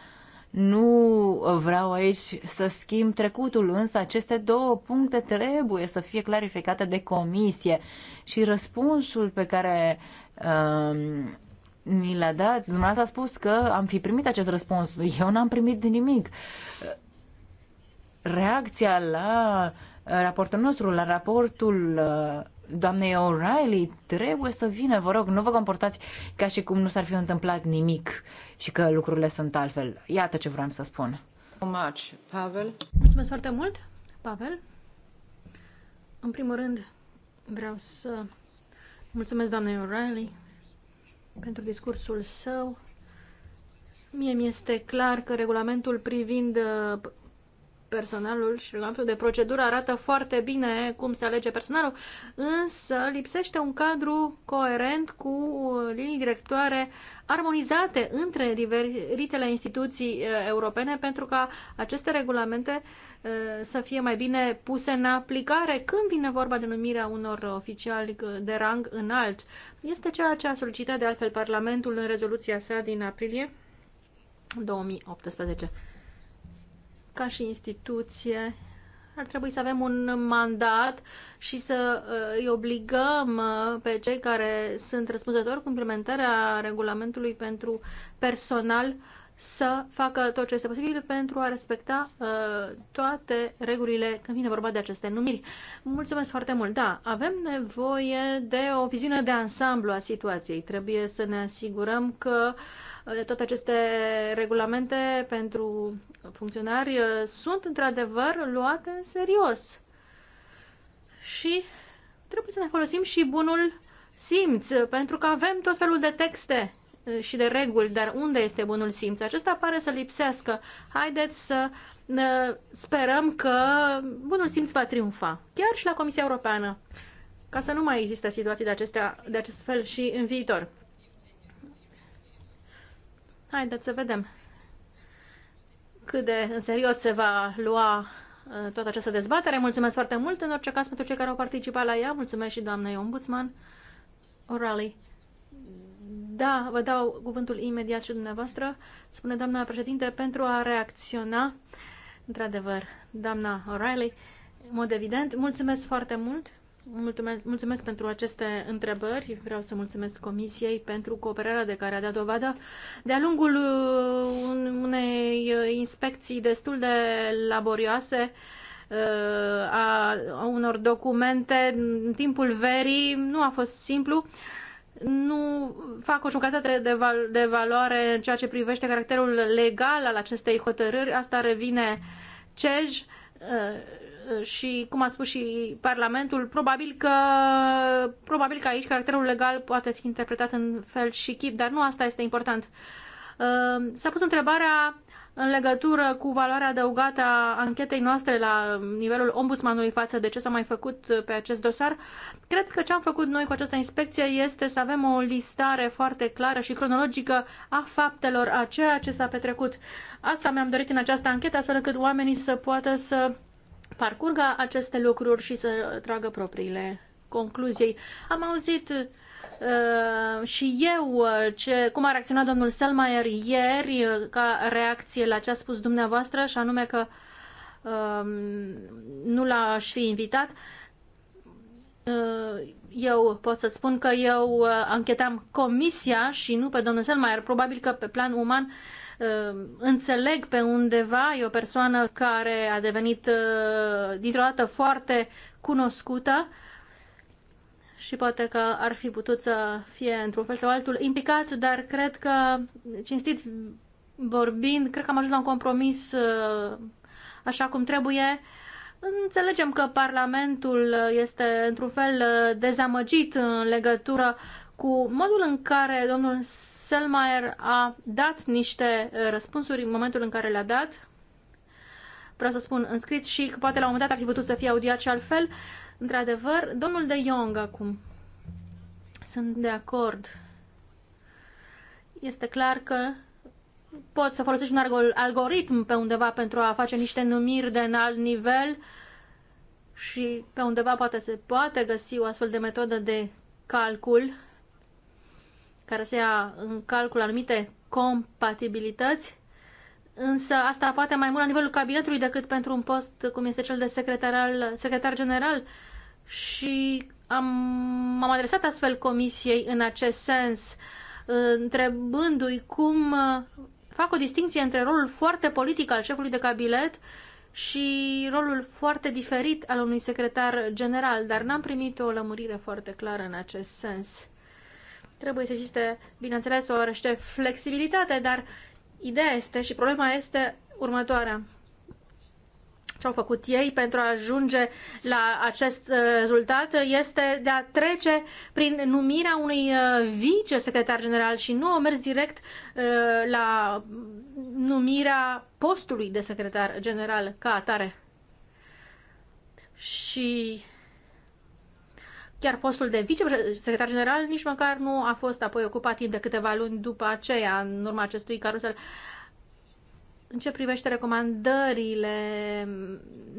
Nu vreau aici să schimb trecutul, însă aceste două puncte trebuie să fie clarificate de comisie. Și răspunsul pe care um, ni l-a dat, dumneavoastră a spus că am fi primit acest răspuns. Eu n-am primit nimic. Reacția la raportul nostru, la raportul uh, doamnei O'Reilly, trebuie să vină, vă rog, nu vă comportați ca și cum nu s-ar fi întâmplat nimic și că lucrurile sunt altfel. Iată ce vreau să spun. Much, Pavel. Mulțumesc foarte mult, Pavel. În primul rând, vreau să mulțumesc doamnei O'Reilly pentru discursul său. Mie mi este clar că regulamentul privind uh, personalul și fel de procedură arată foarte bine cum se alege personalul, însă lipsește un cadru coerent cu linii directoare armonizate între diferitele instituții eh, europene pentru ca aceste regulamente eh, să fie mai bine puse în aplicare când vine vorba de numirea unor oficiali de rang înalt. Este ceea ce a solicitat de altfel Parlamentul în rezoluția sa din aprilie 2018 ca și instituție, ar trebui să avem un mandat și să uh, îi obligăm uh, pe cei care sunt răspunzători cu implementarea regulamentului pentru personal să facă tot ce este posibil pentru a respecta uh, toate regulile când vine vorba de aceste numiri. Mulțumesc foarte mult! Da, avem nevoie de o viziune de ansamblu a situației. Trebuie să ne asigurăm că uh, toate aceste regulamente pentru funcționari uh, sunt într-adevăr luate în serios. Și trebuie să ne folosim și bunul simț, pentru că avem tot felul de texte uh, și de reguli, dar unde este bunul simț? Acesta pare să lipsească. Haideți să uh, sperăm că bunul simț va triumfa, chiar și la Comisia Europeană, ca să nu mai există situații de, acestea, de acest fel și în viitor. Haideți să vedem cât de în serios se va lua uh, toată această dezbatere. Mulțumesc foarte mult în orice caz pentru cei care au participat la ea. Mulțumesc și doamnei ombudsman O'Reilly. Da, vă dau cuvântul imediat și dumneavoastră, spune doamna președinte, pentru a reacționa. Într-adevăr, doamna O'Reilly, în mod evident, mulțumesc foarte mult Mulțumesc, mulțumesc pentru aceste întrebări. Vreau să mulțumesc Comisiei pentru cooperarea de care a dat dovadă de-a lungul uh, unei uh, inspecții destul de laborioase uh, a, a unor documente în timpul verii. Nu a fost simplu. Nu fac o jucătate de, val, de valoare în ceea ce privește caracterul legal al acestei hotărâri. Asta revine CEJ și, cum a spus și Parlamentul, probabil că, probabil că aici caracterul legal poate fi interpretat în fel și chip, dar nu asta este important. Uh, s-a pus întrebarea în legătură cu valoarea adăugată a anchetei noastre la nivelul ombudsmanului față de ce s-a mai făcut pe acest dosar, cred că ce am făcut noi cu această inspecție este să avem o listare foarte clară și cronologică a faptelor, a ceea ce s-a petrecut. Asta mi-am dorit în această anchetă, astfel încât oamenii să poată să parcurgă aceste lucruri și să tragă propriile concluzii. Am auzit uh, și eu uh, ce, cum a reacționat domnul Selmayer ieri uh, ca reacție la ce a spus dumneavoastră și anume că um, uh, nu l-aș fi invitat. eu pot să spun că eu uh, anchetam comisia și nu pe domnul Selmayr. Probabil că pe plan uman uh, Ehm, înțeleg pe undeva, e o persoană care a devenit eh, dintr-o dată foarte cunoscută și poate că ar fi putut să fie într-un fel sau altul implicat, dar cred că, cinstit vorbind, cred că am ajuns la un compromis eh, așa cum trebuie. Înțelegem că Parlamentul este într-un fel eh, dezamăgit în legătură cu modul în care domnul Selmayr a dat niște uh, răspunsuri în momentul în care le-a dat. Vreau să spun în scris și că poate la un moment dat ar fi putut să fie audiat și altfel. Într-adevăr, domnul de Jong acum. Sunt de acord. Este clar că poți să folosești un algoritm pe undeva pentru a face niște numiri de înalt nivel și pe undeva poate se poate găsi o astfel de metodă de calcul care să ia în calcul anumite compatibilități, însă asta poate mai mult la nivelul cabinetului decât pentru un post cum este cel de secretar, al, secretar general și am, am adresat astfel comisiei în acest sens, întrebându-i cum uh, fac o distinție între rolul foarte politic al șefului de cabinet și rolul foarte diferit al unui secretar general, dar n-am primit o lămurire foarte clară în acest sens. Trebuie să existe, bineînțeles, o rește flexibilitate, dar ideea este și problema este următoarea. Ce au făcut ei pentru a ajunge la acest uh, rezultat este de a trece prin numirea unui uh, vice-secretar general și nu au mers direct uh, la numirea postului de secretar general ca atare. Și Chiar postul de vicesecretar general nici măcar nu a fost apoi ocupat timp de câteva luni după aceea, în urma acestui carusel. În ce privește recomandările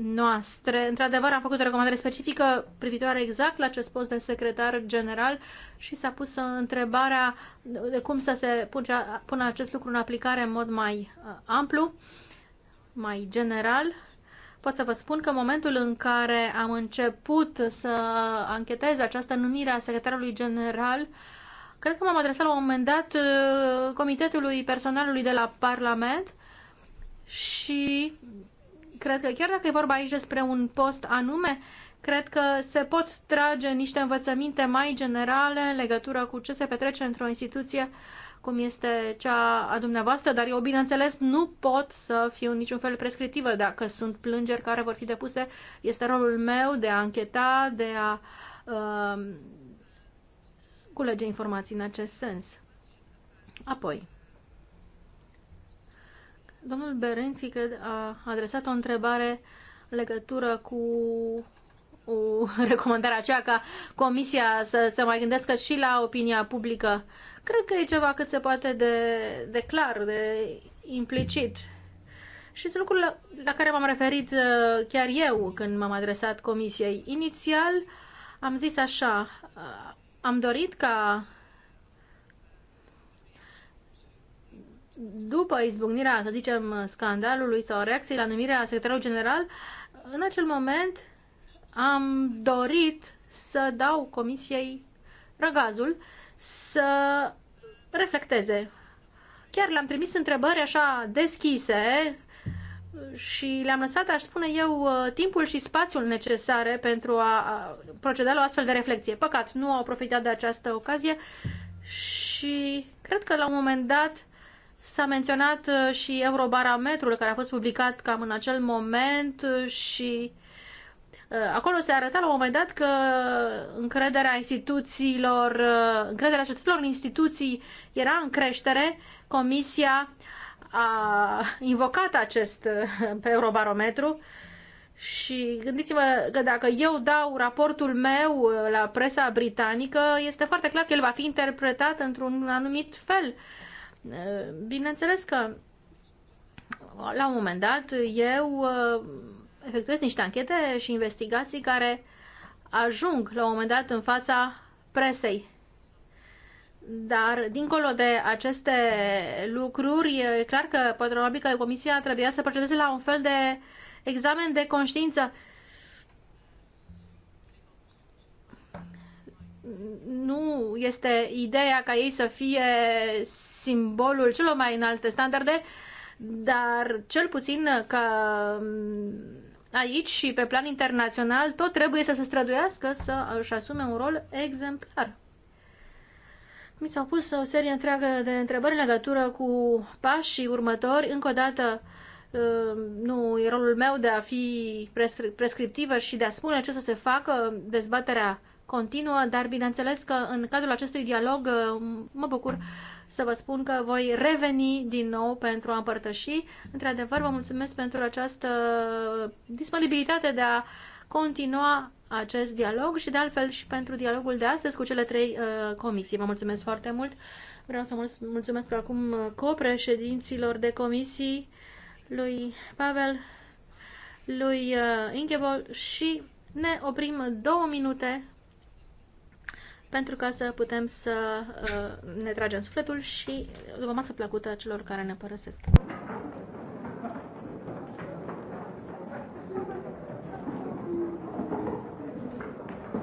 noastre, într-adevăr am făcut o recomandare specifică privitoare exact la acest post de secretar general și s-a pus întrebarea de cum să se pună acest lucru în aplicare în mod mai uh, amplu, mai general pot să vă spun că în momentul în care am început să anchetez această numire a secretarului general, cred că m-am adresat la un moment dat uh, Comitetului Personalului de la Parlament și cred că chiar dacă e vorba aici despre un post anume, cred că se pot trage niște învățăminte mai generale în legătură cu ce se petrece într-o instituție uh, cum este cea a dumneavoastră, dar eu, bineînțeles, nu pot să fiu niciun fel prescriptivă dacă sunt plângeri care vor fi depuse. Este rolul meu de a ancheta, de a uh, culege informații în acest sens. Apoi, domnul Berenski cred, a adresat o întrebare în legătură cu o recomandare aceea ca comisia să se mai gândească și la opinia publică uh, Cred că e ceva cât se poate de, de clar, de implicit. Și sunt lucruri la, la care m-am referit uh, chiar eu când m-am adresat comisiei. Inițial am zis așa, uh, am dorit ca după izbucnirea, să zicem, scandalului sau reacției la numirea secretarului general, în acel moment am dorit să dau comisiei răgazul să reflecteze. Chiar le-am trimis întrebări așa deschise și le-am lăsat, aș spune eu, uh, timpul și spațiul necesare pentru a proceda la o astfel de reflexie. Păcat, nu au profitat de această ocazie și cred că la un moment dat S-a menționat uh, și Eurobarometrul care a fost publicat cam în acel moment uh, și Uh, acolo se arăta la un moment dat că încrederea instituțiilor, uh, încrederea cetățenilor în instituții era în creștere. Comisia a invocat acest uh, pe eurobarometru și gândiți-vă că dacă eu dau raportul meu la presa britanică, este foarte clar că el va fi interpretat într-un anumit fel. Bineînțeles că la un moment dat eu efectuez niște anchete și investigații care ajung la un moment dat în fața presei. Dar, dincolo de aceste lucruri, e clar că, probabil că Comisia trebuia să procedeze la un fel de examen de conștiință. Nu este ideea ca ei să fie simbolul celor mai înalte standarde, dar cel puțin că aici și pe plan internațional, tot trebuie să se străduiască să își asume un rol exemplar. Mi s-au pus o serie întreagă de întrebări în legătură cu pașii următori. Încă o dată, uh, nu e rolul meu de a fi prescriptivă și de a spune ce să se facă, dezbaterea continuă, dar bineînțeles că în cadrul acestui dialog uh, mă bucur să vă spun că voi reveni din nou pentru a împărtăși. Într-adevăr, vă mulțumesc pentru această disponibilitate de a continua acest dialog și de altfel și pentru dialogul de astăzi cu cele trei uh, comisii. Vă mulțumesc foarte mult. Vreau să mulțumesc acum copreședinților de comisii lui Pavel, lui uh, Ingeborg și ne oprim două minute pentru ca să putem să uh, ne tragem sufletul și o masă plăcută celor care ne părăsesc.